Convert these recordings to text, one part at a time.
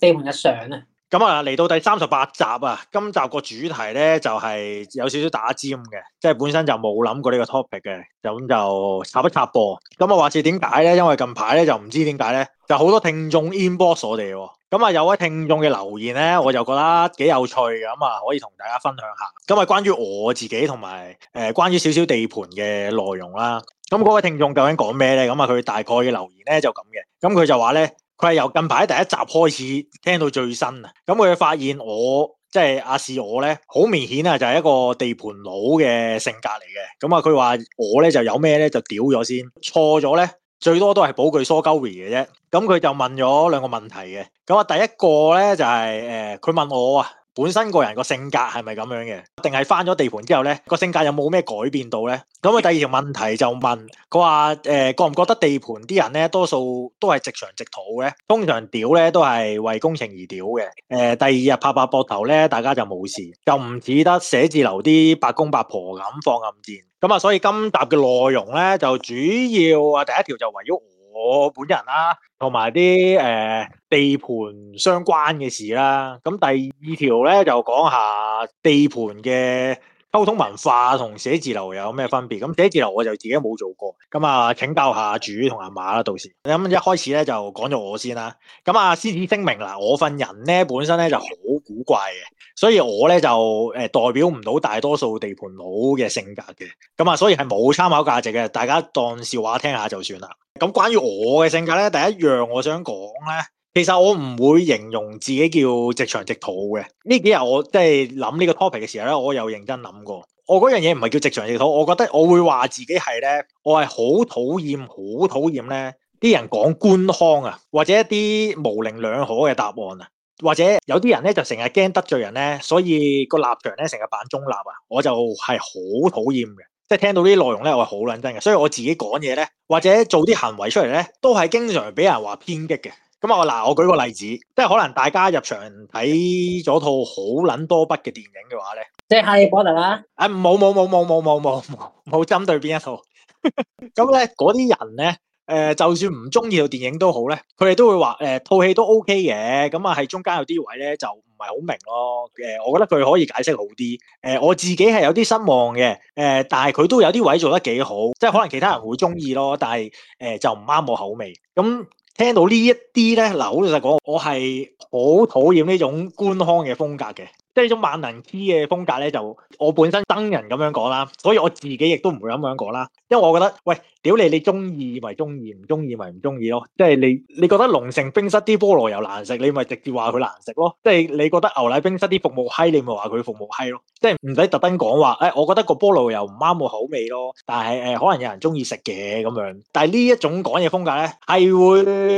地盤嘅上咧，咁啊嚟到第三十八集啊，今集個主題咧就係有少少打尖嘅，即係本身就冇諗過呢個 topic 嘅，就咁就插一插播。咁啊，話說點解咧？因為近排咧就唔知點解咧，就好多聽眾 inbox 我哋喎。咁啊，有位聽眾嘅留言咧，我就覺得幾有趣，咁啊可以同大家分享下。咁啊，關於我自己同埋誒關於少少地盤嘅內容啦。咁嗰位聽眾究竟講咩咧？咁啊，佢大概嘅留言咧就咁嘅。咁佢就話咧。佢係由近排第一集開始聽到最新啊，咁佢發現我即係、就是、阿是我咧，好明顯啊，就係一個地盤佬嘅性格嚟嘅。咁啊，佢話我咧就有咩咧就屌咗先，錯咗咧最多都係補句 sorry 嘅啫。咁佢就問咗兩個問題嘅，咁啊，第一個咧就係、是、誒，佢、呃、問我啊。本身個人個性格係咪咁樣嘅？定係翻咗地盤之後咧個性格有冇咩改變到咧？咁啊，第二條問題就問佢話誒，覺唔覺得地盤啲人咧，多數都係直腸直肚嘅？通常屌咧都係為工程而屌嘅。誒、呃，第二日拍拍膊頭咧，大家就冇事，就唔似得寫字樓啲八公八婆咁放暗箭。咁、嗯、啊，所以今集嘅內容咧就主要啊，第一條就圍繞。我本人啦、啊，同埋啲誒地盤相關嘅事啦。咁第二條咧就講下地盤嘅溝通文化同寫字樓有咩分別？咁、嗯、寫字樓我就自己冇做過，咁、嗯、啊請教下主同阿馬啦。到時咁、嗯、一開始咧就講咗我先啦。咁、嗯、啊，先聲明啦，我份人咧本身咧就好古怪嘅，所以我咧就誒代表唔到大多數地盤佬嘅性格嘅。咁、嗯、啊，所以係冇參考價值嘅，大家當笑話聽下就算啦。咁關於我嘅性格咧，第一樣我想講咧，其實我唔會形容自己叫直腸直肚嘅。呢幾日我即係諗呢個 topic 嘅時候咧，我有認真諗過。我嗰樣嘢唔係叫直腸直肚，我覺得我會話自己係咧，我係好討厭、好討厭咧啲人講官腔啊，或者一啲模棱兩可嘅答案啊，或者有啲人咧就成日驚得罪人咧，所以個立場咧成日扮中立啊，我就係好討厭嘅。即係聽到呢啲內容咧，我係好撚真嘅，所以我自己講嘢咧，或者做啲行為出嚟咧，都係經常俾人話偏激嘅。咁啊，嗱，我舉個例子，即係可能大家入場睇咗套好撚多筆嘅電影嘅話咧，即係《哥德》啊？誒、啊，冇冇冇冇冇冇冇冇冇針對邊一套？咁 咧、 嗯，嗰啲人咧，誒、呃，就算唔中意套電影都好咧，佢哋都會話誒套戲都 OK 嘅。咁、嗯、啊，係中間有啲位咧就。唔係好明咯，誒、呃，我覺得佢可以解釋好啲，誒、呃，我自己係有啲失望嘅，誒、呃，但係佢都有啲位做得幾好，即係可能其他人會鍾意咯，但係誒、呃、就唔啱我口味。咁、嗯、聽到呢一啲咧，嗱，好老實講，我係好討厭呢種官腔嘅風格嘅。呢種萬能 key 嘅風格咧，就我本身憎人咁樣講啦，所以我自己亦都唔會咁樣講啦。因為我覺得，喂，屌你，你中意咪中意，唔中意咪唔中意咯。即係你，你覺得龍城冰室啲菠蘿油難食，你咪直接話佢難食咯。即係你覺得牛奶冰室啲服務閪，你咪話佢服務閪咯。即係唔使特登講話，誒，我覺得個菠蘿油唔啱我口味咯。但係誒，可能有人中意食嘅咁樣。但係呢一種講嘢風格咧，係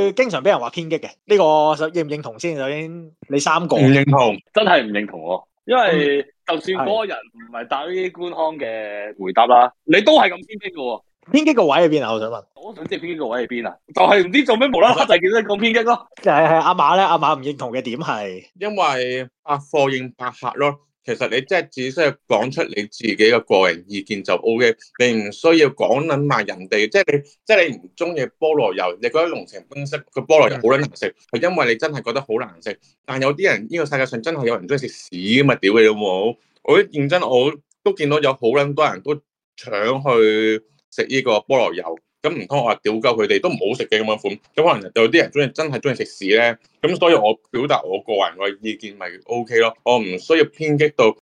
會經常俾人話偏激嘅。呢個認唔認同先？首先，你三個唔認同，真係唔認同我。因為就算嗰個人唔係打呢啲官腔嘅回答啦，的你都係咁偏激噶喎。偏激個位喺邊啊？我想問，我想知偏激個位喺邊啊？就係、是、唔知做咩無啦啦就見到你咁偏激咯。誒誒，阿馬咧，阿馬唔認同嘅點係因為阿貨應拍拍咯。其實你即係只需要講出你自己嘅個人意見就 O、OK, K，你唔需要講捻埋人哋。即係你，即係你唔中意菠蘿油，你覺得龍城冰室，佢菠蘿油好捻難食，係因為你真係覺得好難食。但有啲人呢、這個世界上真係有人中意食屎咁啊！屌你老母，我認真我都見到有好捻多人都搶去食呢個菠蘿油。咁唔通我話屌鳩佢哋都唔好食嘅咁樣款？咁可能有啲人中意真係中意食屎咧，咁所以我表達我個人嘅意見咪 O K 咯，我唔需要偏激到要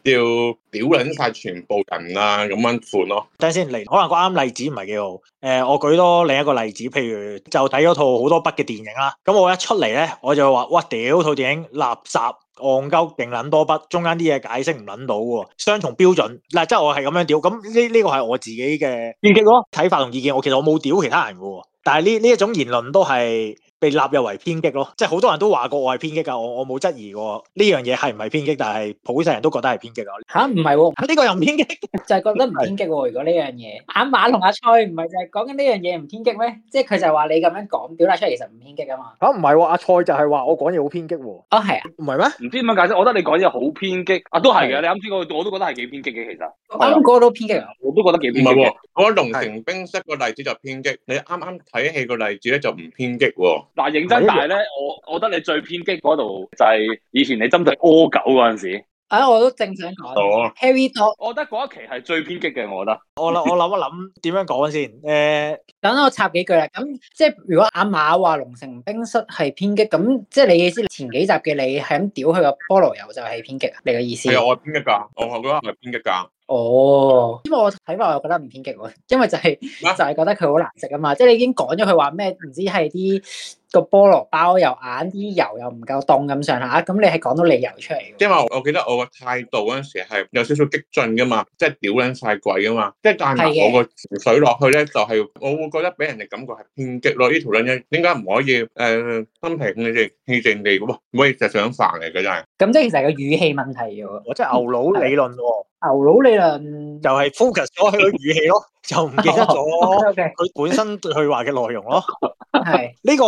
屌撚晒全部人啊咁樣款咯。等先，嚟可能個啱例子唔係幾好，誒、呃，我舉多另一個例子，譬如就睇咗套好多筆嘅電影啦，咁我一出嚟咧，我就話哇屌，套電影垃圾。戇鳩勁捻多筆，中間啲嘢解釋唔捻到，雙重標準嗱，即係我係咁樣屌，咁呢呢個係我自己嘅意見咯，睇法同意見，我其實我冇屌其他人嘅，但係呢呢一種言論都係，被納入為偏激咯，即係好多人都話過我係偏激㗎，我我冇質疑喎。呢樣嘢係唔係偏激，但係普世人都覺得係偏激啊。吓？唔係喎？呢個又唔偏激，就係覺得唔偏激喎。如果呢樣嘢，阿馬同阿蔡唔係就係講緊呢樣嘢唔偏激咩？即係佢就話你咁樣講表達出嚟，其實唔偏激啊嘛。吓唔係喎？阿蔡就係話我講嘢好偏激喎。啊係啊，唔係咩？唔知點樣解釋？我覺得你講嘢好偏激，啊都係嘅。你啱先講，我都覺得係幾偏激嘅。其實啱啱講到偏激，我都覺得幾偏激嘅。唔係喎，嗰個龍城冰室個例子就偏激，你啱啱睇戲個例子咧就唔偏激喎。嗱認真大呢，但係咧，我我覺得你最偏激嗰度就係以前你針對柯狗嗰陣時，啊，我都正想講、oh.，Harry Talk，我覺得嗰一期係最偏激嘅，我覺得。我諗我諗一諗點樣講先？誒、欸，等我插幾句啦。咁即係如果阿馬話龍城冰室係偏激，咁即係你意思前幾集嘅你係咁屌佢個菠蘿油就係偏激你嘅意思？係我偏激噶，我係覺得係偏激噶。哦，oh. 嗯、因為我睇法我又覺得唔偏激喎，因為就係、是、就係、是就是、覺得佢好難食啊嘛。即係你已經講咗佢話咩唔知係啲。個菠蘿包又硬，啲油又唔夠凍咁上下，咁你係講到理由出嚟？因為我記得我個態度嗰陣時係有少少激進噶嘛，即係屌撚晒鬼噶嘛，即係帶埋我個情緒落去咧，就係、是、我會覺得俾人哋感覺係偏激咯。呢條撚嘢點解唔可以誒、呃、心平啲氣靜啲嘅噃？唔可以就上煩嚟嘅真係。咁即係其實係個語氣問題喎，我即係牛佬理論喎。嗯。牛佬理啊，就係 focus 咗佢個語氣咯，就唔記得咗佢本身對佢話嘅內容咯。係呢 個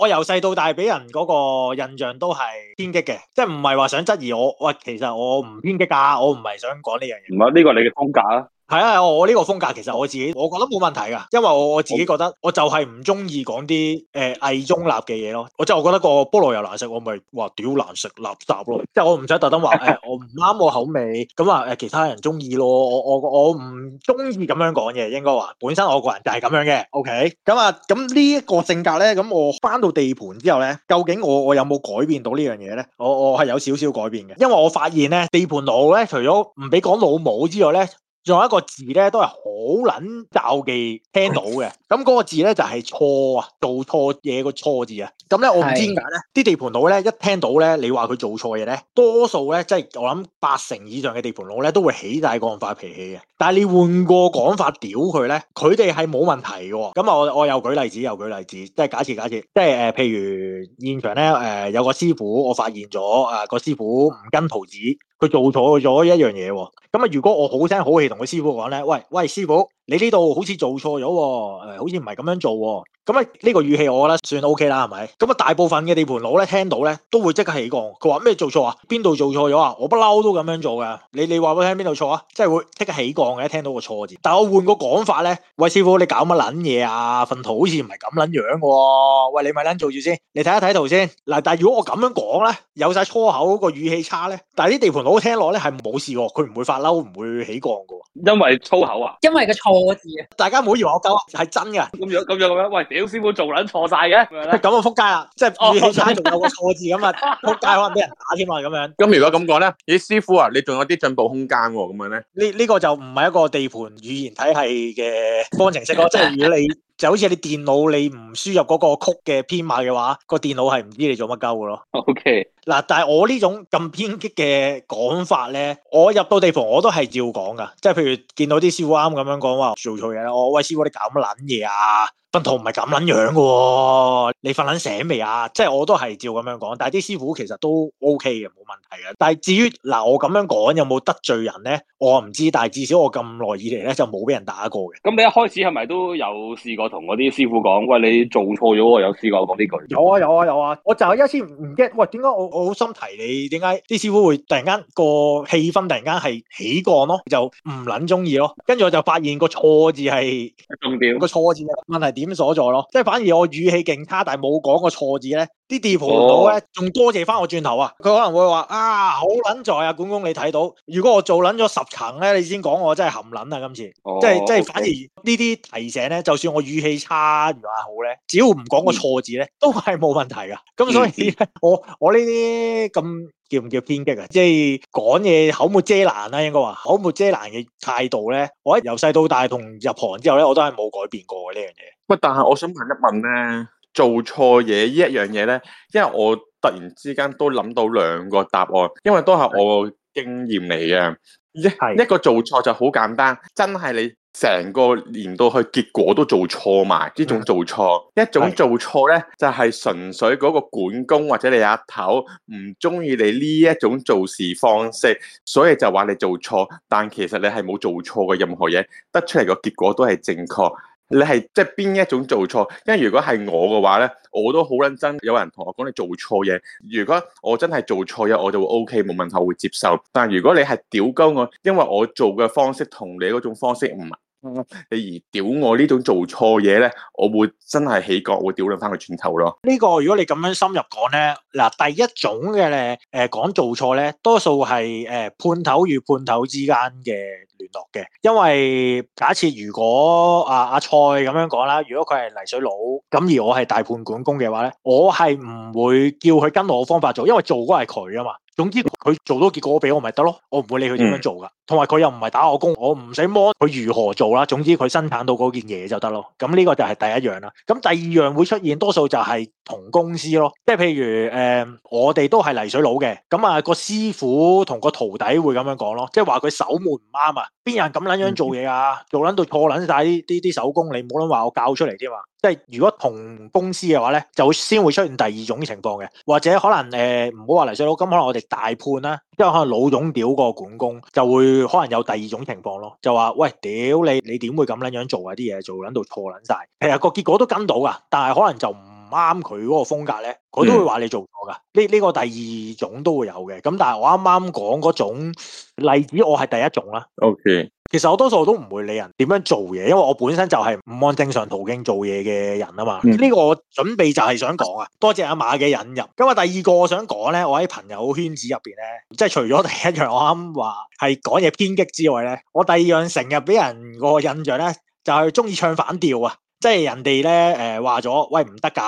我由細到大俾人嗰個印象都係偏激嘅，即係唔係話想質疑我，喂，其實我唔偏激㗎，我唔係想講呢樣嘢。唔係呢個你嘅框架啊。係啊，我呢個風格，其實我自己我覺得冇問題噶，因為我我自己覺得我就係唔中意講啲誒偽中立嘅嘢咯，我就我覺得個菠蘿油難食，我咪話屌難食垃圾咯，即係我唔使特登話誒我唔啱我口味，咁啊誒其他人中意咯，我我我唔中意咁樣講嘢，應該話本身我個人就係咁樣嘅，OK，咁啊咁呢一個性格咧，咁我翻到地盤之後咧，究竟我我有冇改變到呢樣嘢咧？我我係有少少改變嘅，因為我發現咧地盤佬咧，除咗唔俾講老母之外咧。仲有一個字咧，都係好撚罩忌聽到嘅。咁嗰個字咧就係錯啊，做錯嘢個錯字啊。咁咧我唔知點解咧，啲地盤佬咧一聽到咧你話佢做錯嘢咧，多數咧即係我諗八成以上嘅地盤佬咧都會起大個咁發脾氣嘅。但係你換個講法屌佢咧，佢哋係冇問題嘅。咁啊，我我又舉例子又舉例子，即係假設假設，即係誒譬如現場咧誒有個師傅，我發現咗啊個師傅唔跟圖紙。佢做錯咗一樣嘢喎，咁啊，如果我好聲好氣同佢師傅講咧，喂喂師傅。你呢度好似做錯咗，誒，好似唔係咁樣做喎、哦。咁啊，呢個語氣我覺得算 OK 啦，係咪？咁啊，大部分嘅地盤佬咧聽到咧都會即刻起降。佢話咩做錯啊？邊度做錯咗啊？我不嬲都咁樣做㗎。你你話我聽邊度錯啊？即係會即刻起降嘅，聽到個錯字。但我換個講法咧，喂師傅，你搞乜撚嘢啊？份圖好似唔係咁撚樣嘅、啊、喎。喂你咪撚做住先，你睇一睇圖先。嗱，但係如果我咁樣講咧，有晒粗口個語氣差咧，但係啲地盤佬聽落咧係冇事㗎，佢唔會發嬲，唔會起降㗎。因為粗口啊？因為個粗。錯字大家唔好以為我鳩係真嘅，咁樣咁樣咁樣，喂，屌，師傅做捻錯晒嘅，咁我撲街啦！即係粵語差，仲有個錯字咁啊，撲街可能俾人打添啊，咁樣。咁如果咁講咧，咦，師傅啊，你仲有啲進步空間喎、哦？咁樣咧，呢呢、這個就唔係一個地盤語言體系嘅方程式咯， 即係如果你就好似你電腦你唔輸入嗰個曲嘅編碼嘅話，個電腦係唔知你做乜鳩嘅咯。OK。嗱、啊啊，但係我呢種咁偏激嘅講法咧，我入到地盤我都係照講噶，即係譬如見到啲師傅啱咁樣講話做錯嘢啦，我，喂師傅，你搞乜撚嘢啊，分圖唔係咁撚樣嘅喎，你瞓撚醒未啊？即係我都係照咁樣講，但係啲師傅其實都 OK 嘅，冇問題嘅。但係至於嗱，我咁樣講有冇得罪人咧，我唔知，但係至少我咁耐以嚟咧就冇俾人打過嘅。咁你一開始係咪都有試過同嗰啲師傅講，喂，你做錯咗喎？有試過講呢句有、啊？有啊有啊有啊！我就係一次唔 get，喂點解我？我好心提你，點解啲師傅會突然間個氣氛突然間係起降咯？就唔撚中意咯。跟住我就發現個錯字係，重點，個錯字問題點所在咯？即係反而我語氣勁差，但係冇講個錯字咧。啲地盤到咧，仲多、哦、謝翻我轉頭啊！佢可能會話：啊，好捻在啊，管工你睇到。如果我做捻咗十層咧，你先講我真係含捻啊！今次，哦、即係即係反而呢啲提醒咧，哦 okay、就算我語氣差如話好咧，只要唔講個錯字咧，嗯、都係冇問題噶。咁、嗯、所以咧、嗯，我我呢啲咁叫唔叫偏激、就是、啊？即係講嘢口沫遮攔啦，應該話口沫遮攔嘅態度咧，我由細到大同入行之後咧，我都係冇改變過呢樣嘢。唔但係，我想問一問咧。做錯嘢呢一樣嘢呢，因為我突然之間都諗到兩個答案，因為都係我經驗嚟嘅。一係是一個做錯就好簡單，真係你成個年度去結果都做錯埋呢種做錯，是一種做錯呢，就係、是、純粹嗰個管工或者你阿頭唔中意你呢一種做事方式，所以就話你做錯，但其實你係冇做錯嘅任何嘢，得出嚟個結果都係正確。你係即係邊一種做錯？因為如果係我嘅話咧，我都好撚憎。有人同我講你做錯嘢，如果我真係做錯嘢，我就會 OK 冇問題，我會接受。但如果你係屌鳩我，因為我做嘅方式同你嗰種方式唔係。你、嗯、而屌我呢種做錯嘢咧，我會真係起角會屌你翻個轉頭咯。呢個如果你咁樣深入講咧，嗱，第一種嘅，誒講做錯咧，多數係誒判頭與判頭之間嘅聯絡嘅。因為假設如果阿阿、啊啊、蔡咁樣講啦，如果佢係泥水佬，咁而我係大判管工嘅話咧，我係唔會叫佢跟我嘅方法做，因為做嗰係佢啊嘛。總之佢做到結果俾我咪得咯，我唔會理佢點樣做噶，同埋佢又唔係打我工，我唔使摸佢如何做啦。總之佢生產到嗰件嘢，就得咯。咁呢個就係第一樣啦。咁第二樣會出現，多數就係。同公司咯，即係譬如誒、呃，我哋都係泥水佬嘅，咁、嗯、啊、個師傅同個徒弟會咁樣講咯，即係話佢守門唔啱啊！邊人咁撚樣做嘢啊？做撚到錯撚晒啲啲手工，你唔好撚話我教出嚟添嘛！即係如果同公司嘅話咧，就會先會出現第二種情況嘅，或者可能誒唔好話泥水佬，咁可能我哋大判啦，即係可能老總屌個管工，就會可能有第二種情況咯，就話「喂屌你你點會咁撚樣做啊啲嘢，做撚到錯撚晒。」其實個結果都跟到噶，但係可能就唔啱佢嗰個風格咧，我都會話你做錯噶。呢呢、嗯、個第二種都會有嘅。咁但係我啱啱講嗰種例子，我係第一種啦。O Okay . K，其實我多數都唔會理人點樣做嘢，因為我本身就係唔按正常途徑做嘢嘅人啊嘛。呢、嗯、個我準備就係想講啊，多謝阿馬嘅引入。咁啊，第二個我想講咧，我喺朋友圈子入邊咧，即係除咗第一樣我啱話係講嘢偏激之外咧，我第二樣成日俾人個印象咧，就係中意唱反調啊。即係人哋咧，誒話咗，喂唔得噶，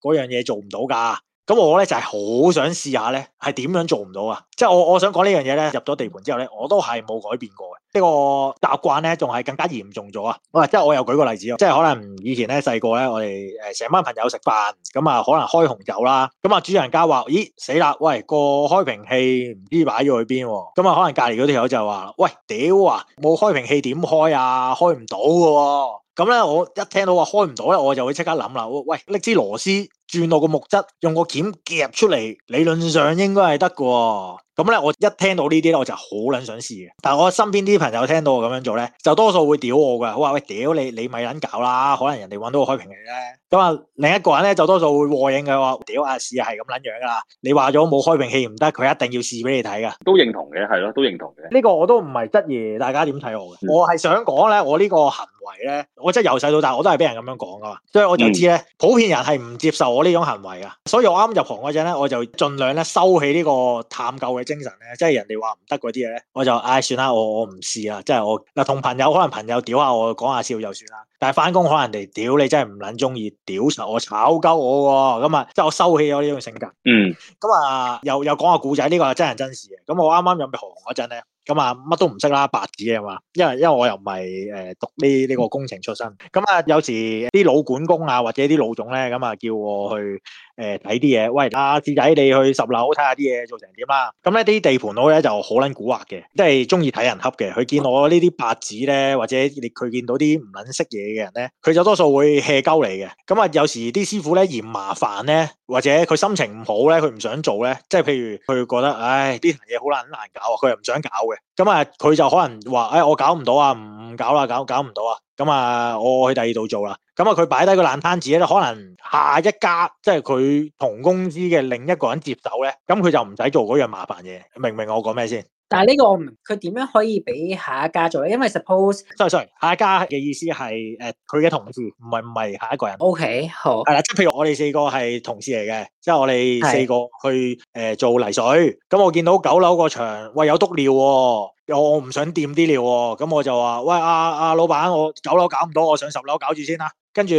嗰樣嘢做唔到噶。咁我咧就係、是、好想試下咧，係點樣做唔到啊？即係我我想講呢樣嘢咧，入咗地盤之後咧，我都係冇改變過嘅。呢、這個習慣咧，仲係更加嚴重咗啊！哇，即係我又舉個例子，即係可能以前咧細個咧，我哋誒成班朋友食飯，咁啊可能開紅酒啦，咁啊主人家話，咦死啦，喂個開瓶器唔知擺咗去邊？咁啊可能隔籬嗰條友就話，喂屌啊，冇開瓶器點開啊？開唔到嘅。咁咧，我一聽到話開唔到咧，我就會即刻諗啦。喂，拎支螺絲轉落個木質，用個鉗夾出嚟，理論上應該係得嘅喎。咁咧，我一聽到呢啲咧，我就好撚想試嘅。但係我身邊啲朋友聽到我咁樣做咧，就多數會屌我嘅，好話喂屌你，你咪撚搞啦，可能人哋揾到個開瓶器咧。咁啊，另一個人咧就多數會和應嘅話，屌啊，試係咁撚樣啊，你話咗冇開瓶器唔得，佢一定要試俾你睇嘅。都認同嘅，係咯，都認同嘅。呢個我都唔係質疑，大家點睇我嘅？的我係想講咧，我呢個痕。咧，我真係由細到大，我都係俾人咁樣講噶嘛，所以我就知咧，普遍人係唔接受我呢種行為噶，所以我啱入行嗰陣咧，我就盡量咧收起呢個探究嘅精神咧，即係人哋話唔得嗰啲嘢咧，我就唉、哎、算啦，我我唔試啦，即係我嗱同朋友可能朋友屌下我講下笑就算啦，但係翻工可能人哋屌你真係唔捻中意屌，屌我炒鳩我咁啊，即係我收起咗呢種性格。嗯、啊，咁啊又又講下古仔，呢、這個係真人真事嘅，咁我啱啱入行嗰陣咧。咁啊，乜都唔識啦，白紙啊嘛，因為因為我又唔係誒讀呢呢、這個工程出身，咁、嗯、啊、嗯嗯、有時啲老管工啊或者啲老總咧，咁、嗯、啊叫我去。誒睇啲嘢，喂，阿志仔你去十樓睇下啲嘢做成點啦。咁咧啲地盤佬咧就好撚蠱惑嘅，即係中意睇人恰嘅。佢見我呢啲白紙咧，或者你佢見到啲唔撚識嘢嘅人咧，佢就多數會 hea 鳩你嘅。咁、嗯、啊，有時啲師傅咧嫌麻煩咧，或者佢心情唔好咧，佢唔想做咧，即係譬如佢覺得，唉、哎，呢行嘢好難難搞啊，佢又唔想搞嘅。咁啊，佢就可能話，哎，我搞唔到啊，唔搞啦，搞搞唔到啊。咁啊，我去第二度做啦。咁啊，佢擺低個爛攤子咧，可能下一家即係佢同公司嘅另一個人接手咧，咁佢就唔使做嗰樣麻煩嘢。明唔明我講咩先？但係呢個我唔，佢點樣可以俾下一家做咧？因為 suppose，sorry sorry，下一家嘅意思係誒佢嘅同事，唔係唔係下一個人。O、okay, K 好係啦，即係譬如我哋四個係同事嚟嘅，即係我哋四個去誒、呃、做泥水。咁、嗯、我見到九樓個牆，喂，有篤尿、哦，我我唔想掂啲尿、哦，咁、嗯、我就話，喂，阿阿、啊啊、老闆，我九樓搞唔到，我上十樓搞住先啦、啊。跟住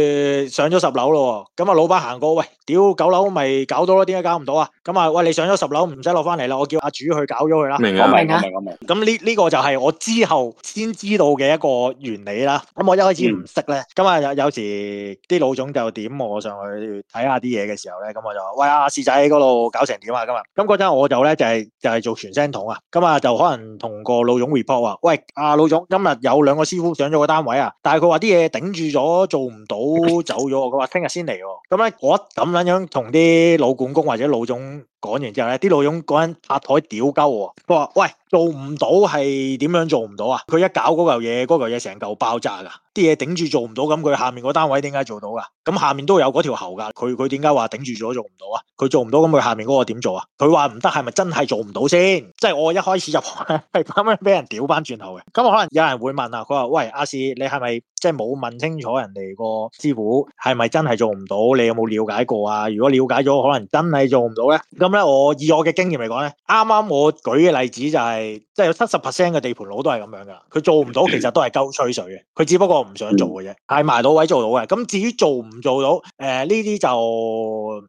上咗十樓咯，咁啊老闆行過，喂，屌九樓咪搞到咯？點解搞唔到啊？咁啊，喂，你上咗十樓唔使落翻嚟啦，我叫阿主去搞咗佢啦。明明咁呢呢個就係我之後先知道嘅一個原理啦。咁我一開始唔識咧。咁啊、嗯、有有時啲老總就點我上去睇下啲嘢嘅時候咧，咁我就喂阿四、啊、仔嗰度搞成點啊？今日咁嗰陣我就咧就係、是、就係、是、做傳聲筒啊。咁啊就可能同個老總 report 話，喂，阿老總今日有兩個師傅上咗個單位啊，但係佢話啲嘢頂住咗做唔到走咗我，佢話聽日先嚟，咁咧，我咁樣樣同啲老管工或者老總。 講完之後咧，啲老佣嗰陣拍台屌鳩我，佢話：喂，做唔到係點樣做唔到啊？佢一搞嗰嚿嘢，嗰嚿嘢成嚿爆炸噶，啲嘢頂住做唔到，咁佢下面個單位點解做到噶？咁下面都有嗰條喉噶，佢佢點解話頂住咗做唔到啊？佢做唔到，咁佢下面嗰個點做啊？佢話唔得係咪真係做唔到先？即係我一開始入行就係咁樣俾人屌翻轉頭嘅。咁我可能有人會問啊，佢話：喂，阿士你係咪即係冇問清楚人哋個師傅係咪真係做唔到？你有冇了解過啊？如果了解咗，可能真係做唔到咧。咧我以我嘅經驗嚟講咧，啱啱我舉嘅例子就係，即係有七十 percent 嘅地盤佬都係咁樣噶，佢做唔到其實都係鳩吹水嘅，佢只不過唔想做嘅啫，係埋到位做到嘅。咁至於做唔做到，誒呢啲就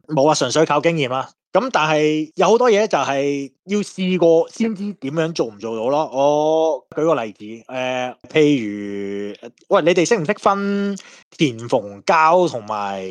冇話，純粹靠經驗啦。咁但係有好多嘢就係要試過先知點樣做唔做到咯。我舉個例子，誒、呃、譬如，喂你哋識唔識分填縫膠同埋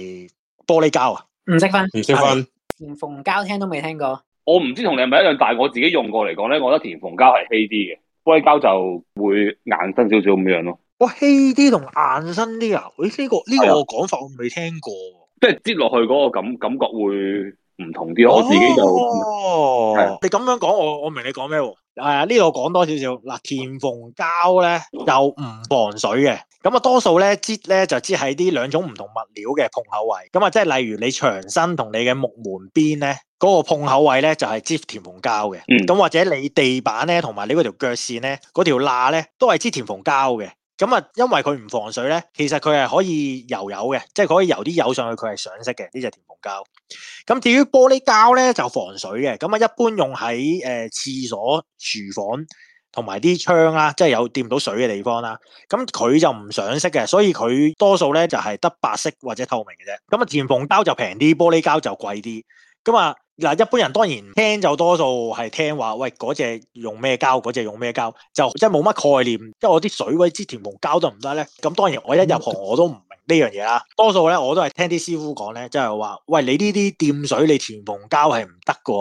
玻璃膠啊？唔識分，唔識分。填縫膠聽都未聽過，我唔知同你係咪一樣，但係我自己用過嚟講咧，我覺得填縫膠係稀啲嘅，硅膠就會硬身少少咁樣咯。哇，稀啲同硬身啲啊？咦、哎、呢、呢個呢、呢個講法我未聽過，即係跌落去嗰個感感覺會唔同啲，我自己就、哦啊、你咁樣講我我明你講咩。誒，呢度講多少少嗱，填縫膠咧又唔防水嘅，咁啊多數咧擠，咧就擠喺啲兩種唔同物料嘅碰口位，咁啊即係例如你牆身同你嘅木門邊咧，嗰、嗰個碰口位咧就係、係、支填縫膠嘅，咁、嗯、或者你地板咧同埋你嗰條腳線咧，嗰條罅咧都係支填縫膠嘅。咁啊，因為佢唔防水咧，其實佢係可以油油嘅，即係佢可以油啲油上去，佢係上色嘅。呢隻填縫膠。咁至於玻璃膠咧，就防水嘅。咁啊，一般用喺誒廁所、廚房同埋啲窗啦，即係有掂到水嘅地方啦。咁佢就唔上色嘅，所以佢多數咧就係得白色或者透明嘅啫。咁啊，填縫膠就平啲，玻璃膠就貴啲。咁啊。嗱，一般人當然聽就多數係聽話，喂，嗰隻用咩膠，嗰隻用咩膠，就即係冇乜概念。因為我啲水位知填縫膠得唔得咧？咁當然我一入行我都唔明呢樣嘢啦。多數咧我都係聽啲師傅講咧，即係話，喂，你呢啲掂水你填縫膠係唔得噶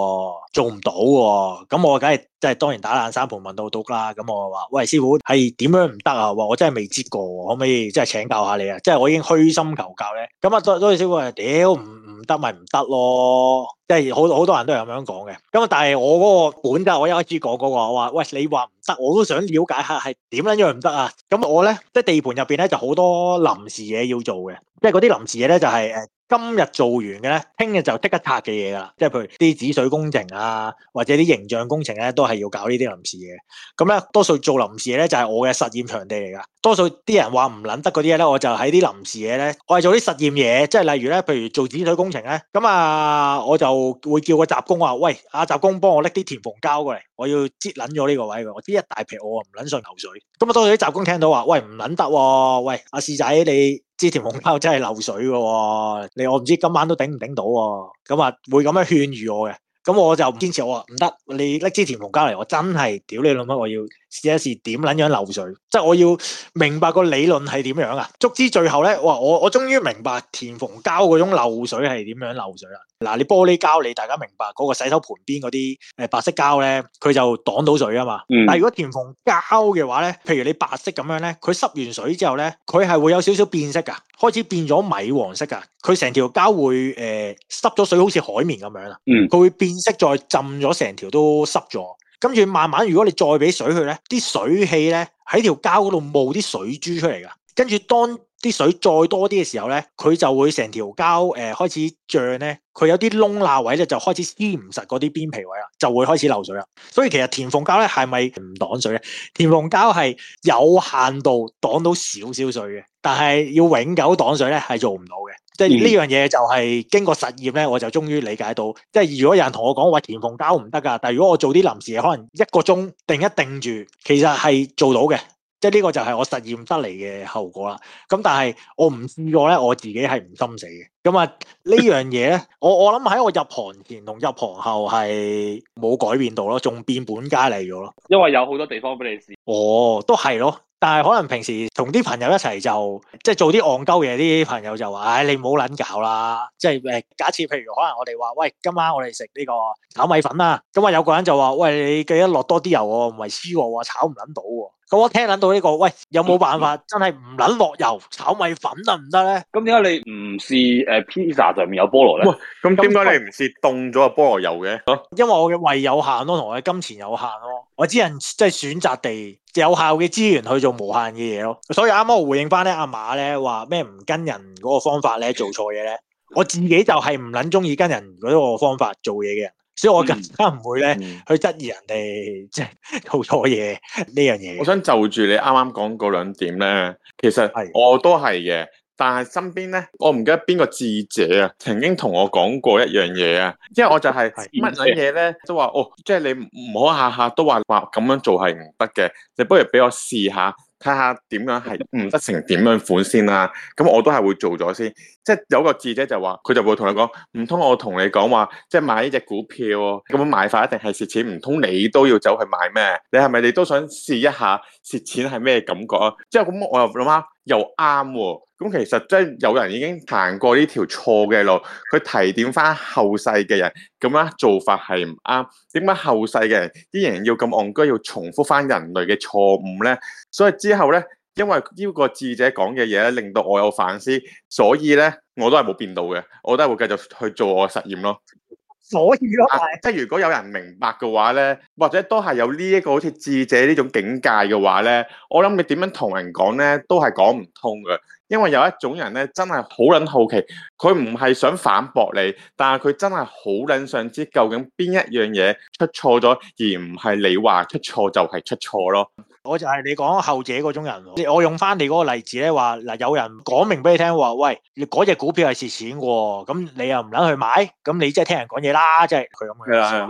做唔到噶咁我梗係即係當然打爛三盤問到篤啦。咁我話，喂，師傅係點樣唔得啊？我真係未知過，可唔可以即係請教下你啊？即係我已經虛心求教咧。咁啊，都都係師傅話，屌，唔唔得咪唔得咯。即係好多好多人都係咁樣講嘅，咁啊但係我嗰個本質，我一開始講嗰個，我話喂，你話唔得，我都想了解下係點樣樣唔得啊。咁我咧即係地盤入邊咧就好多臨時嘢要做嘅。即係嗰啲臨時嘢咧、就是，就係誒今日做完嘅咧，聽日就即刻拆嘅嘢啦。即係譬如啲止水工程啊，或者啲形象工程咧，都係要搞呢啲臨時嘢。咁咧多數做臨時嘢咧，就係我嘅實驗場地嚟噶。多數啲人話唔撚得嗰啲嘢咧，我就喺啲臨時嘢咧，我係做啲實驗嘢。即係例如咧，譬如做止水工程咧，咁啊我就會叫個雜工話，喂，阿雜工幫我拎啲填縫膠過嚟，我要擠撚咗呢個位㗎。我啲一大皮，我話唔撚上流水。咁啊，多數啲雜工聽到話，喂，唔撚得喎！喂，阿、啊、士仔你。支填縫膠真係漏水嘅喎，你我唔知今晚都頂唔頂到喎，咁啊會咁樣勸喻我嘅，咁我就唔堅持我話唔得，你拎支填縫膠嚟，我真係屌你老母，我要試一試點撚樣漏水，即係我要明白個理論係點樣啊！直至最後咧，我我我終於明白填縫膠嗰種漏水係點樣漏水啦。嗱，你玻璃膠你大家明白嗰、嗰個洗手盆邊嗰啲誒白色膠咧，佢就擋到水啊嘛。嗯、但係如果填縫膠嘅話咧，譬如你白色咁樣咧，佢濕完水之後咧，佢係會有少少變色噶，開始變咗米黃色噶，佢成條膠會誒濕咗水，好似海綿咁樣啊。嗯，佢會變色，再浸咗成條都濕咗，跟住慢慢如果你再俾水去咧，啲水氣咧喺條膠嗰度冒啲水珠出嚟噶，跟住當，啲水再多啲嘅時候咧，佢就會成條膠誒、呃、開始漲咧，佢有啲窿罅位咧就開始黐唔實嗰啲邊皮位啦，就會開始漏水啦。所以其實填縫膠咧係咪唔擋水咧？填縫膠係有限度擋到少少水嘅，但係要永久擋水咧係做唔到嘅。即係呢樣嘢就係經過實驗咧，我就終於理解到，即係如果有人同我講喂，填縫膠唔得噶，但係如果我做啲臨時嘢，可能一個鐘定一定住，其實係做到嘅。即係呢個就係我實驗得嚟嘅後果啦。咁但係我唔試過咧，我自己係唔心死嘅。咁啊呢樣嘢咧，我我諗喺我入行前同入行後係冇改變到咯，仲變本加厲咗咯。因為有好多地方俾你試。哦，都係咯。但係可能平時同啲朋友一齊就即係做啲戇鳩嘢，啲朋友就話：，唉、哎，你唔好撚搞啦。即係誒，假設譬如可能我哋話：，喂，今晚我哋食呢個炒米粉啦、啊。咁啊有個人就話：，喂，你記得落多啲油喎、啊，唔係黐喎，炒唔撚到喎。咁我聽捻到呢個，喂，有冇辦法真係唔捻落油炒米粉得唔得咧？咁點解你唔試誒？披薩上面有菠蘿咧？咁點解你唔試凍咗個菠蘿油嘅？因為我嘅胃有限咯，同我嘅金錢有限咯，我只能即係選擇地有效嘅資源去做無限嘅嘢咯。所以啱啱我回應翻咧，阿馬咧話咩唔跟人嗰個方法咧做錯嘢咧， 我自己就係唔捻中意跟人嗰個方法做嘢嘅。所以我更加唔會咧、嗯、去質疑人哋即係做錯嘢呢樣嘢。我想就住你啱啱講嗰兩點咧，其實我都係嘅。係嘅。但係身邊咧，我唔記得邊個智者啊，曾經同我講過一樣嘢啊。因為我就係乜嘢咧，都話哦，即係你唔好下下都話話咁樣做係唔得嘅。就不如俾我試下。睇下點樣係唔得成點樣款先啦、啊，咁我都係會做咗先。即係有個智者就話，佢就會同你講，唔通我同你講話，即係買呢隻股票、啊，咁買法一定係蝕錢，唔通你都要走去買咩？你係咪你都想試一下蝕錢係咩感覺啊？即係咁，我又諗下又啱喎。咁其實即係有人已經行過呢條錯嘅路，佢提點翻後世嘅人，咁樣做法係唔啱。點解後世嘅人依然要咁戇居，要重複翻人類嘅錯誤咧？所以之後咧，因為呢個智者講嘅嘢咧，令到我有反思，所以咧我都係冇變到嘅，我都係會繼續去做我嘅實驗咯。所以咯，即係如果有人明白嘅話咧，或者都係有呢一個好似智者呢種境界嘅話咧，我諗你點樣同人講咧，都係講唔通嘅。因為有一種人咧，真係好撚好奇，佢唔係想反駁你，但係佢真係好撚想知究竟邊一樣嘢出錯咗，而唔係你話出錯就係出錯咯。我就係你講後者嗰種人，我用翻你嗰個例子咧，話嗱有人講明俾你聽話，喂，嗰隻股票係蝕錢喎，咁你又唔撚去買，咁你即係聽人講嘢啦，即係佢咁嘅意思。係啦。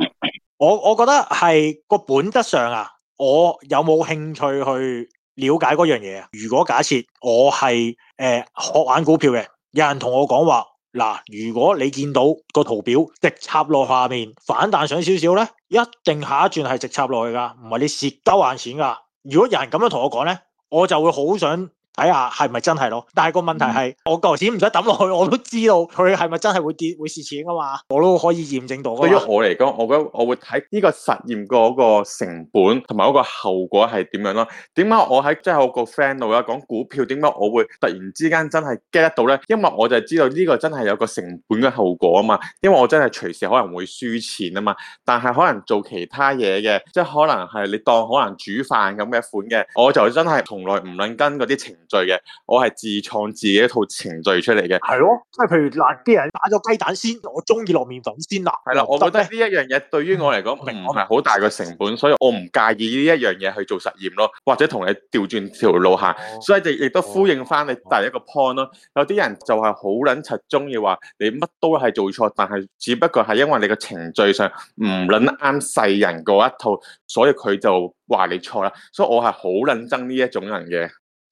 我我覺得係個本質上啊，我有冇興趣去了解嗰樣嘢啊！如果假設我係誒、呃、學玩股票嘅，有人同我講話，嗱，如果你見到個圖表直插落下面反彈上少少咧，一定下一轉係直插落去㗎，唔係你蝕鳩眼錢㗎。如果有人咁樣同我講咧，我就會好想。睇下係咪真係咯？但係個問題係，嗯、我頭先唔使抌落去，我都知道佢係咪真係會跌會蝕錢㗎嘛？我都可以驗證到。對於我嚟講，我覺得我會睇呢個實驗嗰個成本同埋嗰個後果係點樣咯。點解我喺即係我個 friend 度啦，講股票，點解我會突然之間真係 get 到咧？因為我就知道呢個真係有個成本嘅後果啊嘛。因為我真係隨時可能會輸錢啊嘛。但係可能做其他嘢嘅，即係可能係你當可能煮飯咁嘅款嘅，我就真係從來唔論跟嗰啲情。嘅，我係自創自己一套程序出嚟嘅，係咯，即係譬如嗱，啲人打咗雞蛋先，我中意落麵粉先啦。係啦的，我覺得呢一樣嘢對於我嚟講唔係好大嘅成本，嗯嗯、所以我唔介意呢一樣嘢去做實驗咯，或者同你調轉條路行，哦、所以就亦都呼應翻你第一個 point 咯。有啲人就係好撚柒，中意話你乜都係做錯，但係只不過係因為你個程序上唔撚啱世人嗰一套，所以佢就話你錯啦。所以我係好撚憎呢一種人嘅。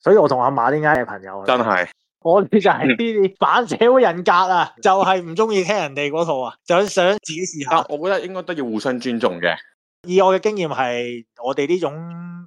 所以我同阿媽點解嘅朋友真係，我哋就係啲反社會人格啊， 就係唔中意聽人哋嗰套啊。就是、想自己時刻，我覺得應該都要互相尊重嘅。以我嘅經驗係，我哋呢種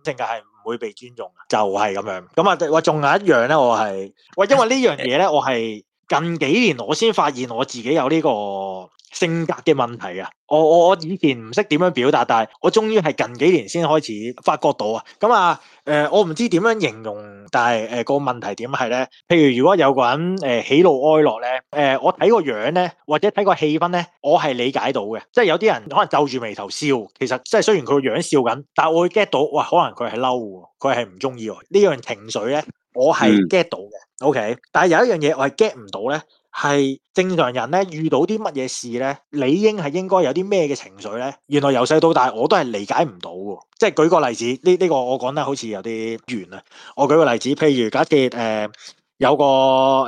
性格係唔會被尊重啊，就係、是、咁樣。咁啊，喂，仲有一樣咧，我係喂，因為呢樣嘢咧，我係近幾年我先發現我自己有呢、這個。性格嘅問題啊，我我我以前唔識點樣表達，但係我終於係近幾年先開始發覺到啊。咁、嗯、啊，誒、呃、我唔知點樣形容，但係誒、呃、個問題點係咧？譬如如果有個人誒、呃、喜怒哀樂咧，誒、呃、我睇個樣咧，或者睇個氣氛咧，我係理解到嘅。即係有啲人可能皺住眉頭笑，其實即係雖然佢個樣笑緊，但係我會 get 到，哇、呃，可能佢係嬲喎，佢係唔中意喎。呢樣情緒咧，我係 get 到嘅。OK，但係有一樣嘢我係 get 唔到咧。係正常人咧，遇到啲乜嘢事咧，理應係應該有啲咩嘅情緒咧。原來由細到大，我都係理解唔到嘅。即係舉個例子，呢、呢、呢、個呢個我講得好似有啲遠啊。我舉個例子，譬如假設誒、呃，有個誒、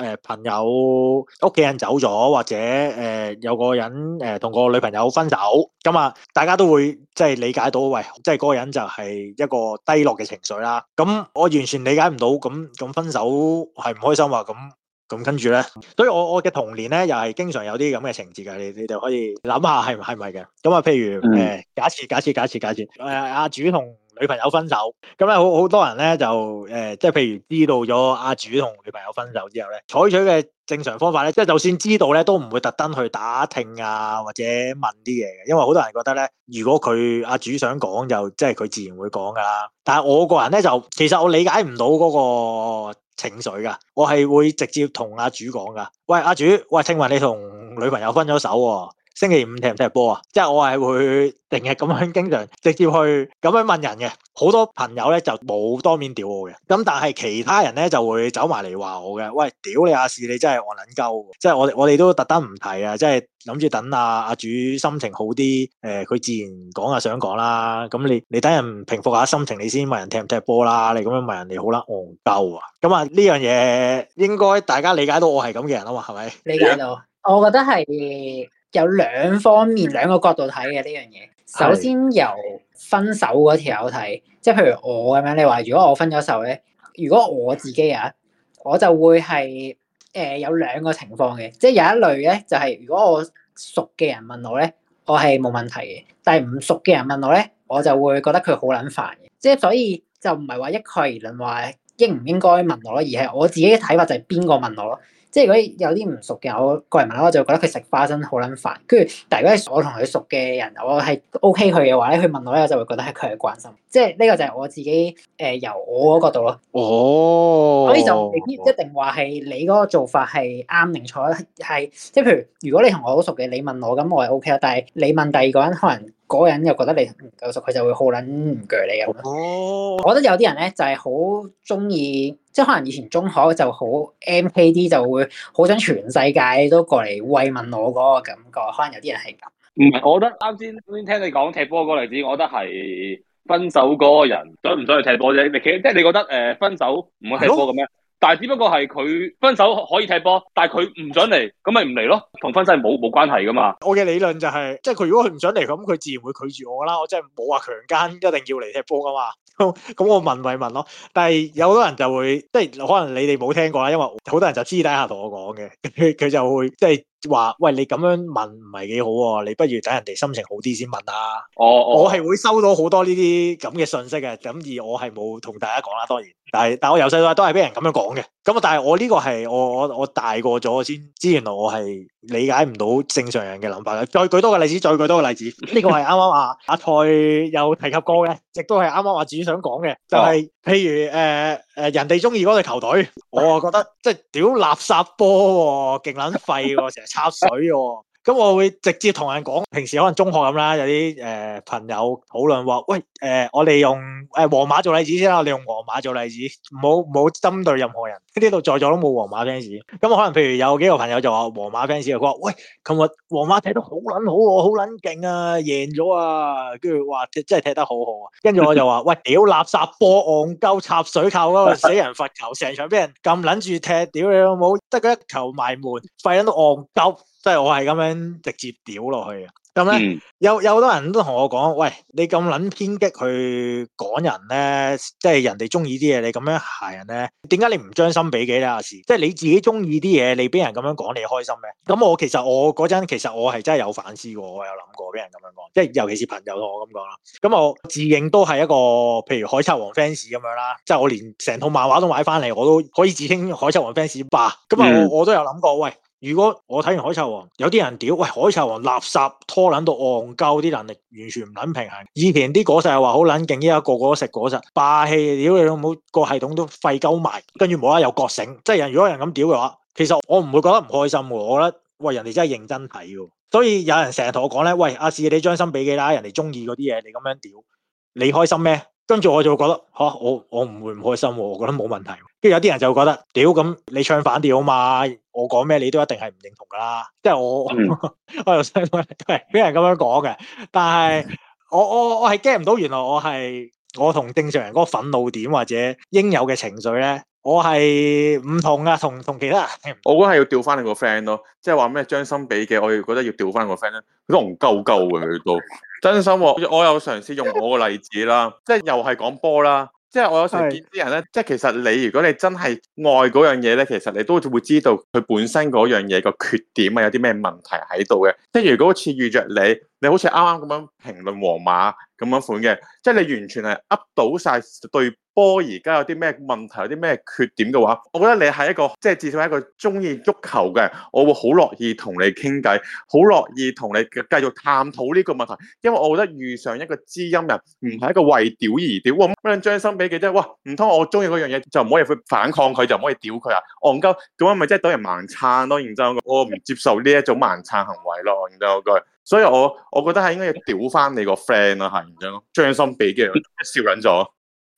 呃、朋友屋企人走咗，或者誒、呃、有個人誒同、呃、個女朋友分手咁啊，大家都會即係理解到，喂，即係嗰個人就係一個低落嘅情緒啦。咁我完全理解唔到，咁咁分手係唔開心話咁。咁跟住咧，所以我我嘅童年咧又係經常有啲咁嘅情節嘅，你你就可以諗下係唔係咪嘅。咁、嗯、啊，譬如誒，假設假設假設假設，誒阿主同女朋友分手，咁咧好好多人咧就誒，即係譬如知道咗阿、啊、主同女朋友分手之後咧，採取嘅正常方法咧，即係就算知道咧，都唔會特登去打聽啊，或者問啲嘢嘅，因為好多人覺得咧，如果佢阿、啊、主想講，就即係佢自然會講噶啦。但係我個人咧就，其實我理解唔到嗰個。情緒噶，我係會直接同阿主講噶。喂，阿、啊、主，喂，聽聞你同女朋友分咗手喎。.星期五踢唔踢波啊？即係我係會定日咁樣經常直接去咁樣問人嘅，好多朋友咧就冇當面屌我嘅，咁但係其他人咧就會走埋嚟話我嘅，喂，屌你阿、啊、士，你真係戇撚鳩，即係我我哋都特登唔提啊，即係諗住等啊，阿主心情好啲，誒、呃，佢自然講啊想講啦，咁、嗯、你你等人平復下心情，你先問人踢唔踢波啦、啊，你咁樣問人哋好啦，戇鳩啊，咁啊呢樣嘢應該大家理解到我係咁嘅人啊嘛，係咪？理解到，嗯、我覺得係。有兩方面兩個角度睇嘅呢樣嘢。首先由分手嗰條友睇，即係譬如我咁樣，你話如果我分咗手咧，如果我自己啊，我就會係誒、呃、有兩個情況嘅，即係有一類咧就係、是、如果我熟嘅人問我咧，我係冇問題嘅；但係唔熟嘅人問我咧，我就會覺得佢好撚煩嘅。即係所以就唔係話一概而論話應唔應該問我咯，而係我自己嘅睇法就係邊個問我咯。即係如果有啲唔熟嘅，我個人問我就覺得佢食花生好撚煩。跟住，但係如果係我同佢熟嘅人，我係 OK 佢嘅話咧，佢問我咧，我就會覺得係佢嘅關心。即係呢個就係我自己誒、呃、由我嗰個度咯。哦，所以就唔一定話係你嗰個做法係啱定錯，係即係譬如如果你同我好熟嘅，你問我咁我係 OK 啦。但係你問第二個人可能。嗰人又覺得你唔夠熟，佢就會好撚唔鋸你嘅。哦、我覺得有啲人咧就係好中意，即係可能以前中學就好 M K 啲，就會好想全世界都過嚟慰問我嗰個感覺，可能有啲人係咁。唔係，我覺得啱先先聽你講踢波個例子，我覺得係分手嗰個人想唔想去踢波啫。你即係你覺得誒分手唔會踢波嘅咩？嗯但係只不過係佢分手可以踢波，但係佢唔準嚟，咁咪唔嚟咯，同分手冇冇關係噶嘛。我嘅理論就係、是，即係佢如果佢唔準嚟咁，佢自然會拒絕我啦。我真係冇話強姦一定要嚟踢波噶嘛。咁 我問為問咯？但係有好多人就會，即係可能你哋冇聽過啦，因為好多人就私底下同我講嘅，佢就會即係。話喂，你咁樣問唔係幾好喎。啊，你不如等人哋心情好啲先問啊。哦哦，我我係會收到好多呢啲咁嘅信息嘅，咁而我係冇同大家講啦，當然。但係但係我由細到大都係俾人咁樣講嘅。咁啊，但係我呢個係我我我大個咗先，之前我係理解唔到正常人嘅諗法嘅。再舉多個例子，再舉多個例子。呢個係啱啱話阿蔡有提及過嘅，亦都係啱啱話自己想講嘅，就係，是哦，譬如誒。呃誒、呃，人哋中意嗰隻球隊，我啊覺得即係屌垃圾波、啊，勁撚廢，成日插水、啊。咁、嗯、我會直接同人講，平時可能中學咁啦，有啲誒、呃、朋友討論話，喂，誒、呃、我哋用誒皇、呃、馬做例子先啦，你用皇馬做例子，唔好針對任何人，呢度在座都冇皇馬 fans，咁、嗯、可能譬如有幾個朋友就話皇馬 fans，佢話喂，琴日皇馬踢得好捻、啊啊、好啊，好捻勁啊，贏咗啊，跟住哇，真係踢得好好啊，跟住我就話，喂，屌垃，垃圾波，戇鳩插水球啦，個死人罰球，成場俾人撳捻住踢，屌你老母，得個一球埋門，廢喺度戇鳩。即係我係咁樣直接屌落去嘅，咁咧、嗯、有有好多人都同我講，喂，你咁撚偏激去講人咧，即係人哋中意啲嘢，你咁樣嚇人咧，點解你唔將心比己咧？阿時，即係你自己中意啲嘢，你俾人咁樣講，你開心咩？咁我其實我嗰陣其實我係真係有反思過，我有諗過俾人咁樣講，即係尤其是朋友同我咁講啦。咁我自認都係一個譬如海賊王 fans 咁樣啦，即係我連成套漫畫都買翻嚟，我都可以自稱海賊王 fans 吧。咁啊，我、嗯、我都有諗過，喂。如果我睇完《海賊王》，有啲人屌，喂，《海賊王》垃圾拖惡惡，拖撚到戇鳩，啲能力完全唔撚平衡。以前啲果實又話好撚勁，依家個個都食果實，霸氣屌你老母，個系統都廢鳩埋，跟住冇啦有覺醒，即係人如果人咁屌嘅話，其實我唔會覺得唔開心喎。我覺得喂，人哋真係認真睇，所以有人成日同我講咧，喂，阿仕、啊、你將心比己啦，人哋中意嗰啲嘢，你咁樣屌，你開心咩？跟住我就會覺得吓、啊，我我唔會唔開心、啊，我覺得冇問題、啊。跟住有啲人就會覺得，屌、呃、咁你唱反調嘛，我講咩你都一定係唔認同噶啦、啊。即係我我又收到係俾人咁樣講嘅，但係我我我係驚唔到，原來我係我同正常人嗰個憤怒點或者應有嘅情緒咧，我係唔同噶，同同其他人。我嗰係要調翻你個 friend 咯，即係話咩將心比己。我要覺得要調翻個 friend 咧，佢都唔夠夠嘅佢都。 真心喎，我有嘗試用我個例子啦， 即係又係講波啦，即係我有嘗試見啲人咧， 即係其實你如果你真係愛嗰樣嘢咧，其實你都會知道佢本身嗰樣嘢個缺點啊，有啲咩問題喺度嘅。即係如果好似遇着你，你好似啱啱咁樣評論皇馬咁樣款嘅，即係你完全係噏到晒對。波而家有啲咩問題，有啲咩缺點嘅話，我覺得你係一個即係至少係一個中意足球嘅人，我會好樂意同你傾偈，好樂意同你繼續探討呢個問題。因為我覺得遇上一個知音人，唔係一個為屌而屌，咁乜卵將心比己啫。哇！唔通我中意嗰樣嘢就唔可以去反抗佢，就唔可以屌佢啊？憨鳩咁樣咪真係等人盲撐咯。然之後我唔接受呢一種盲撐行為咯。然之後佢，okay? 所以我我覺得係應該要屌翻你個 friend 啦。係，將心比己，笑緊咗。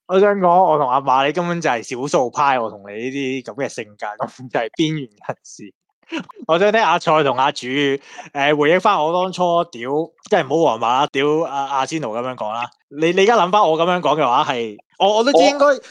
我想講，我同阿馬你根本就係少數派，我同你呢啲咁嘅性格，就係邊緣人士。 我想聽阿蔡同阿主，誒、呃、回憶翻，我當初屌，即係唔好話阿屌、啊、阿阿仙奴咁樣講啦。你你而家諗翻我咁樣講嘅話，係我我都知應該唔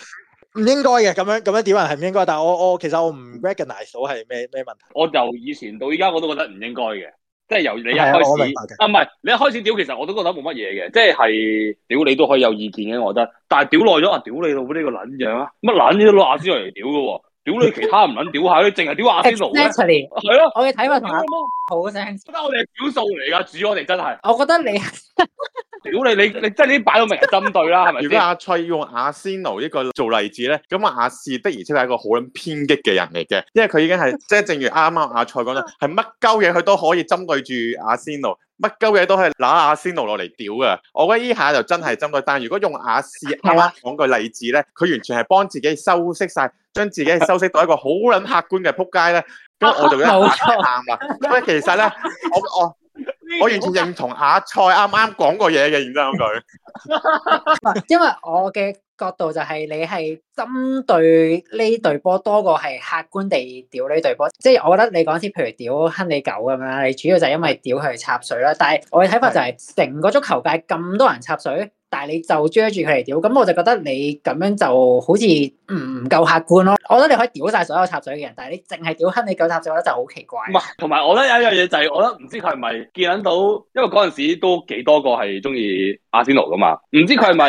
我應該嘅，咁樣咁樣屌人係唔應該，但係我我其實我唔 recognise 到係咩咩問題。我就以前到而家，我都覺得唔應該嘅。即係由你一開始， 啊唔係你一開始屌，其實我都覺得冇乜嘢嘅。即係屌你都可以有意見嘅，我覺得。但係屌耐咗啊，屌你老呢、這個撚樣啊，乜撚嘢都攞阿仙奴嚟屌嘅喎，屌你其他唔撚屌下，你淨係屌阿仙奴咧，係、啊、咯？我要睇翻。啊啊啊好聲，不過我哋係表數嚟噶，主我哋真係。我覺得你屌 你你你真係你擺到明係針對啦，係咪如果阿翠用阿仙奴呢個做例子咧，咁阿亞視的而且確係一個好撚偏激嘅人嚟嘅，因為佢已經係即係，就是、正如啱啱阿翠講到，係乜鳩嘢佢都可以針對住阿仙奴，乜鳩嘢都可以拿阿仙奴落嚟屌噶。我覺得呢下就真係針對單。但如果用阿視啱啱講個例子咧，佢的完全係幫自己修飾晒，將自己修飾到一個好撚客觀嘅仆街咧。咁我做咩好啊？咁其實咧，我我我完全認同阿蔡啱啱講過嘢嘅，然之後佢，因為我嘅角度就係你係針對呢隊波多過係客觀地屌呢隊波，即係我覺得你講先，譬如屌亨利九咁啦，你主要就係因為屌佢插水啦，但係我嘅睇法就係成個足球界咁多人插水。但係你就追住佢嚟屌，咁我就覺得你咁樣就好似唔夠客觀咯。我覺得你可以屌晒所有插水嘅人，但係你淨係屌黑你夠插水，我覺得就好奇怪。唔係，同埋我覺得有一樣嘢就係，我覺得唔知佢係咪見到，因為嗰陣時都幾多個係中意阿仙奴噶嘛，唔知佢係咪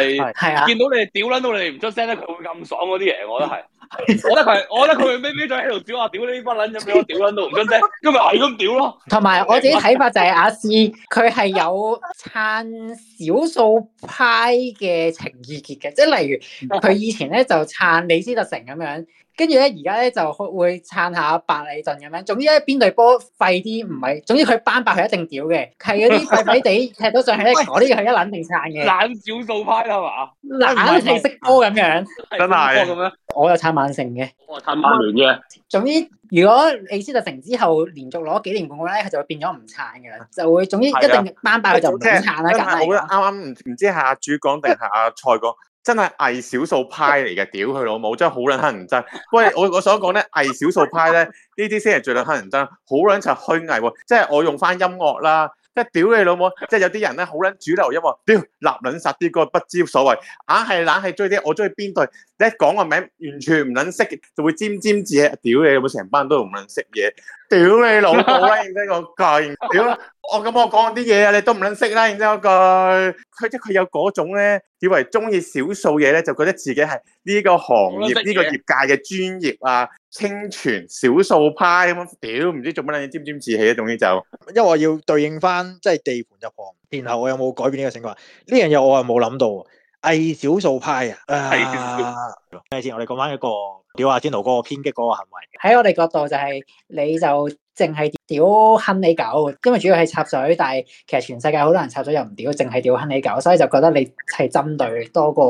見到你屌撚、啊、到你唔出聲咧，佢會咁爽嗰啲嘢，我覺得係。 我覺得佢， 我覺得佢咪咪再喺度屌我，屌呢班撚，咁俾我屌撚到唔出聲，今日係咁屌咯。同埋我自己睇法就係阿斯，佢係有撐少數派嘅情意結嘅，即係例如佢以前咧就撐李斯特城咁樣。跟住咧，而家咧就會撐下百里陣咁樣。總之咧，邊隊波廢啲唔係，總之佢班霸係一定屌嘅，係嗰啲廢廢地踢到上去。呢啲係一撚定撐嘅。攬少數派啦嘛，攬色波咁樣。真係。我又撐曼城嘅。我撐曼聯啫！總之，如果李斯特城之後，連續攞幾年冠軍咧，佢就會變咗唔撐嘅啦，就會總之一定班霸佢就唔撐啦，梗係的。啱啱唔唔知係阿主講定係阿蔡講。 真係偽少數派嚟嘅，屌佢老母，真係好捻乞人憎。喂，我我想講咧，偽少數派咧，呢啲先係最捻乞人憎，好捻就虛偽喎。即係我用翻音樂啦，即係屌你老母，即係有啲人咧，好捻主流音樂，屌立捻殺啲嗰個不知所謂，硬係冷係追啲我中意邊隊？一講個名完全唔捻識就會沾沾自喜，屌你！有冇成班都唔捻識嘢，屌你老母啦！然之後句，屌、 哦哦嗯、我咁我講啲嘢啊，你都唔捻識啦！然之後句，佢即佢有嗰種咧，以為中意少數嘢咧，就覺得自己係呢個行業呢個業界嘅專業啊，清泉少數派咁樣，屌唔知做乜捻尖沾沾自喜啊！總之就，因為我要對應翻即係地盤入行。然後我有冇改變呢個情況？呢樣嘢我係冇諗到。係少數派啊！係少數派。睇先， 我哋講翻一個屌阿天奴嗰個偏激嗰個行為。喺 我哋角度就係、是，你就淨係屌亨你狗，因為主要係插水，但係其實全世界好多人插水又唔屌，淨係屌亨你狗，所以就覺得你係針對多個。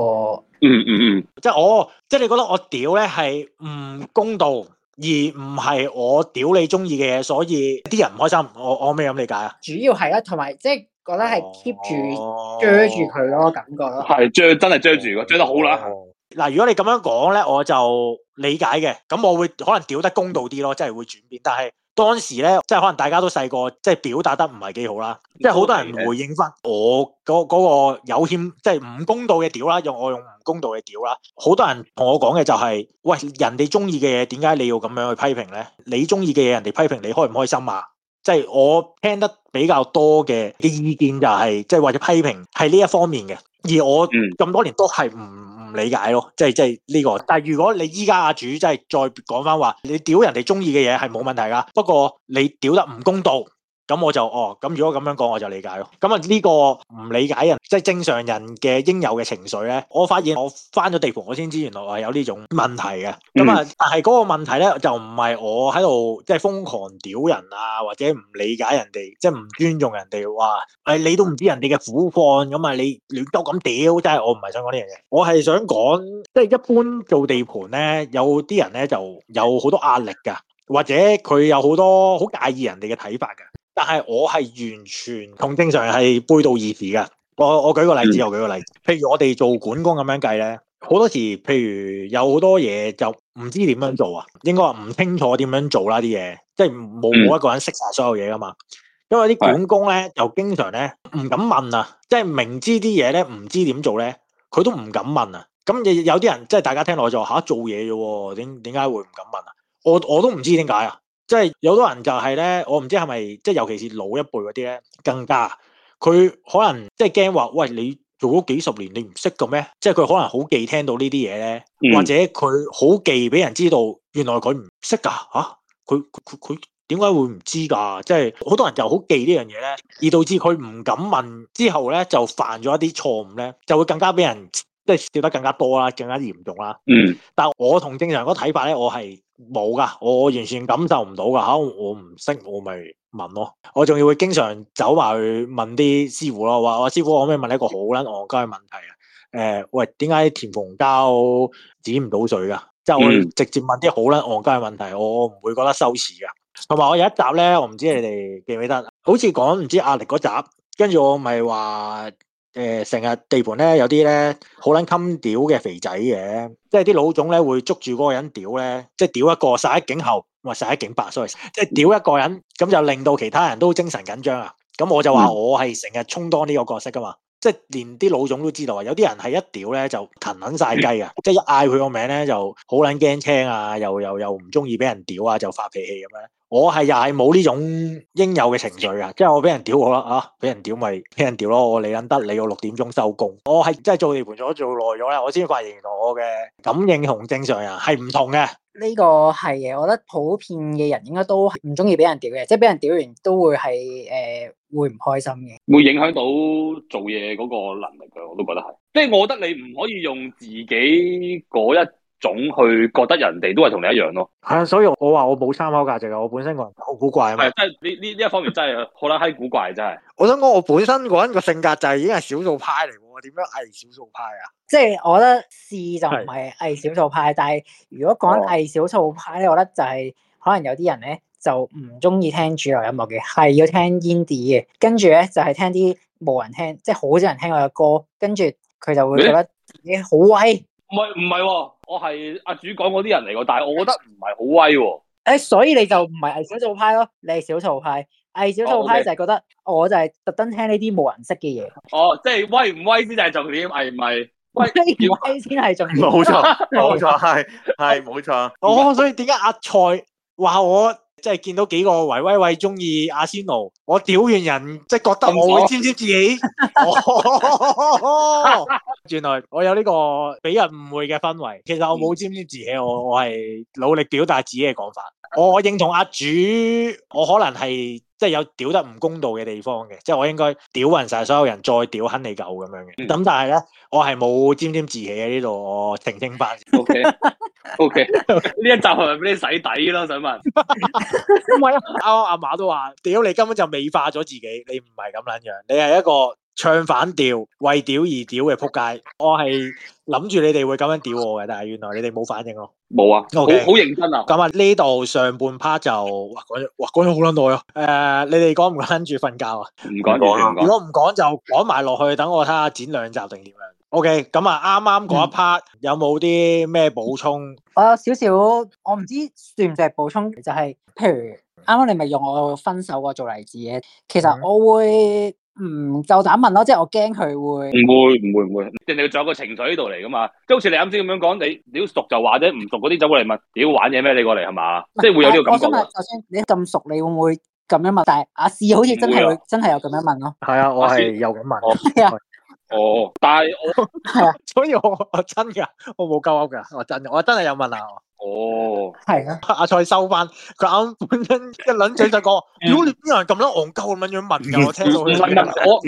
嗯嗯嗯。 即係我，即係你覺得我屌咧，係唔公道，而唔係我屌你中意嘅嘢，所以啲人唔開心。我我咩咁理解啊？ 主要係啦，同埋即係。覺得係 keep 住追住佢咯，感覺咯，係追真係追住，如果追得好啦。嗱、嗯，如果你咁樣講咧，我就理解嘅。咁我會可能屌得公道啲咯，真係會轉變。但係當時咧，即係可能大家都細個，即係表達得唔係幾好啦。即係好多人回應翻我嗰、那、嗰、個那個有欠，即係唔公道嘅屌啦，用我用唔公道嘅屌啦。好多人同我講嘅就係、是，喂，人哋中意嘅嘢，點解你要咁樣去批評咧？你中意嘅嘢，人哋批評你，你開唔開心啊？即係我聽得。比較多嘅啲意見就係即係或者批評係呢一方面嘅，而我咁多年都係唔唔理解咯，即係即係呢個。但係如果你依家阿主即係再講返話，你屌人哋中意嘅嘢係冇問題噶，不過你屌得唔公道。咁我就哦，咁如果咁樣講我就理解咯。咁啊呢個唔理解人，即係正常人嘅應有嘅情緒咧。我發現我翻咗地盤，我先知原來啊有呢種問題嘅。咁啊、嗯，但係嗰個問題咧就唔係我喺度即係瘋狂屌人啊，或者唔理解人哋，即係唔尊重人哋。話誒你都唔知人哋嘅苦況咁啊，你，你亂鳩咁屌，真係我唔係想講呢樣嘢。我係想講，即係一般做地盤咧，有啲人咧就有好多壓力㗎，或者佢有好多好介意人哋嘅睇法㗎。但係我係完全同正常人係背道而馳噶。我我，我舉個例子，我舉個例子。譬如我哋做管工咁樣計咧，好多時，譬如有好多嘢就唔知點樣做啊，應該話唔清楚點樣做啦啲嘢，即係冇一個人識晒所有嘢噶嘛。因為啲管工咧又經常咧唔敢問啊，即係明知啲嘢咧唔知點做咧，佢都唔敢問啊。咁有啲人即係大家聽落就吓、啊、做嘢啫，點點解會唔敢問啊？我我都唔知點解啊。即係有多人就係、是、咧，我唔知係咪即係，尤其是老一輩嗰啲咧，更加佢可能即係驚話，喂你做咗幾十年，你唔識個咩？即係佢可能好忌聽到呢啲嘢，咧，或者佢好忌俾人知道，原來佢唔識噶吓，佢佢佢點解會唔知噶？即係好多人就好忌呢樣嘢，咧，而導致佢唔敢問之後咧，就犯咗一啲錯誤咧，就會更加俾人即係笑得更加多啦，更加嚴重啦。嗯，但係我同正常個睇法咧，我係。冇噶，我完全感受唔到噶，吓我唔識，我咪問咯。我仲要會經常走埋去問啲師傅咯，話我師傅可唔可以問你一個好撚戇鳩問題啊？誒、呃，喂，點解填縫膠止唔到水噶？即係我直接問啲好撚戇鳩問題，我唔會覺得羞恥噶。同埋我有一集咧，我唔知你哋記唔記得，好似講唔知壓力嗰集，跟住我咪話。誒成、呃、日地盤咧，有啲咧好撚襟屌嘅肥仔嘅，即係啲老總咧會捉住嗰個人屌咧，即係屌一個殺一儆後，唔、哦、係殺一儆百，sorry，即係屌一個人，咁就令到其他人都精神緊張啊！咁我就話我係成日充當呢個角色噶嘛，即係連啲老總都知道啊，有啲人係一屌咧就騰撚晒雞啊，即係一嗌佢個名咧就好撚驚青啊，又又又唔中意俾人屌啊，就發脾氣咁咧。我係又係冇呢種應有嘅情緒啊！即係我俾人屌我啦嚇，俾人屌咪俾人屌咯，我理得你，我六點鐘收工。我係真係做地盤做咗做耐咗啦，我先發現原來我嘅感應同正常人係唔同嘅。呢個係嘅，我覺得普遍嘅人應該都唔中意俾人屌嘅，即係俾人屌完都會係誒會唔開心嘅，會影響到做嘢嗰個能力嘅，我都覺得係。即係我覺得你唔可以用自己嗰一。總去覺得人哋都係同你一樣咯，係、啊，所以我我話我冇參考價值啊，我本身個人好古怪啊，係，即係呢呢呢一方面真係好卵閪古怪，真係。我想講我本身個人個性格就係已經係少數派嚟，我點樣偽少數派啊？即係我覺得是就唔係偽少數派，但係如果講偽少數派咧，我覺得就係可能有啲人咧就唔中意聽主流音樂嘅，係要聽 indie 嘅，跟住咧就係、是、聽啲無人聽，即係好少人聽我嘅歌，跟住佢就會覺得咦，好威、欸。唔係唔係，我係阿主講嗰啲人嚟喎，但係我覺得唔係好威喎。誒、欸，所以你就唔係小眾派咯，你係小眾派。係小眾派、哦 okay. 就係覺得，我就係特登聽呢啲冇人識嘅嘢。哦，即係威唔威先係重點，係唔係？威唔威先係重點。冇錯，冇錯，係係冇錯。哦，所以點解阿蔡話我即係見到幾個維威威中意阿仙奴，我屌完人即係覺得我會沾沾自喜。嗯哦 原來我有呢個俾人誤會嘅氛圍，其實我冇沾沾自喜，我我係努力表達自己嘅講法。我認同阿主，我可能係即係有屌得唔公道嘅地方嘅，即係我應該屌勻晒所有人再屌肯你狗咁樣嘅。咁但係咧，我係冇沾沾自喜喺呢度，澄清翻。OK，OK，呢一集係咪俾你洗底咯？想問，因為啱阿馬都話屌你根本就美化咗自己，你唔係咁撚樣，你係一個。唱反調，為屌而屌嘅扑街，我係諗住你哋會咁樣屌我嘅，但係原來你哋冇反應咯，冇啊，okay, 好好認真啊。咁啊，呢度上半 part 就，哇，講咗，哇，講咗好捻耐啊。誒、呃，你哋講唔講住瞓覺啊？唔講。如果唔講就講埋落去，等我睇下剪兩集定點樣。O K，咁啊，啱啱嗰一 part、嗯、有冇啲咩補充？我有少少，我唔知算唔算係補充，就係、是，譬如啱啱你咪用我分手個做例子嘅，其實我會。嗯，就膽問咯，即係我驚佢會唔會唔會唔會，人哋仲有個情緒喺度嚟噶嘛，即好似你啱先咁樣講，你你熟就話啫唔熟嗰啲走過嚟問，屌玩嘢咩？你過嚟係嘛，即係會有呢個感覺、啊。我想問，就算你咁熟，你會唔會咁樣問？但係阿詩好似真係、啊、真係有咁樣問咯、啊，係啊，我係有咁問。啊哦，但係我係啊，的所以我真噶，我冇鳩噏噶，我真，我真係有問啊，我哦，係啊，阿、啊、蔡收翻佢啱，剛剛本身一輪嘴就講，如果你邊樣咁撚戇鳩咁樣問㗎，我聽到佢， 我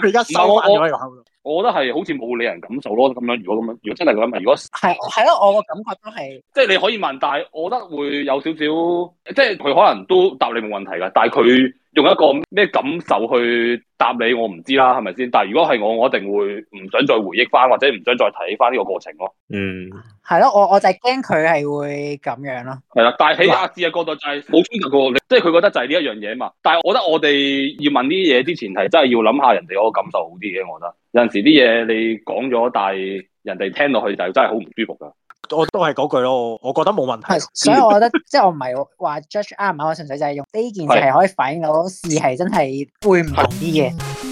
佢而家收翻咗喺度。我，我，我覺得係好似冇理人感受咯，咁樣如果咁樣，如果真係咁樣問，如果係係咯，我個感覺都係即係你可以問，但係我覺得會有少少，即係佢可能都答你冇問題㗎，但係佢。用一個咩感受去答你，我唔知啦，係咪先？但係如果係我，我一定會唔想再回憶翻，或者唔想再睇翻呢個過程咯。嗯，係咯，我我就係驚佢係會咁樣咯。係啦，但係起碼嘅角度就係冇衝突過，即係佢覺得就係呢一樣嘢嘛。但係我覺得我哋要問啲嘢之前，係真係要諗下人哋嗰個感受好啲嘅。我覺得有陣時啲嘢你講咗，但係人哋聽落去就真係好唔舒服噶。我都係嗰句咯，我覺得冇問題。係，所以，我覺得 即係我唔係話 judge 啱唔啱，我純粹就係用呢件事係可以反映到事係真係會唔同啲嘅。是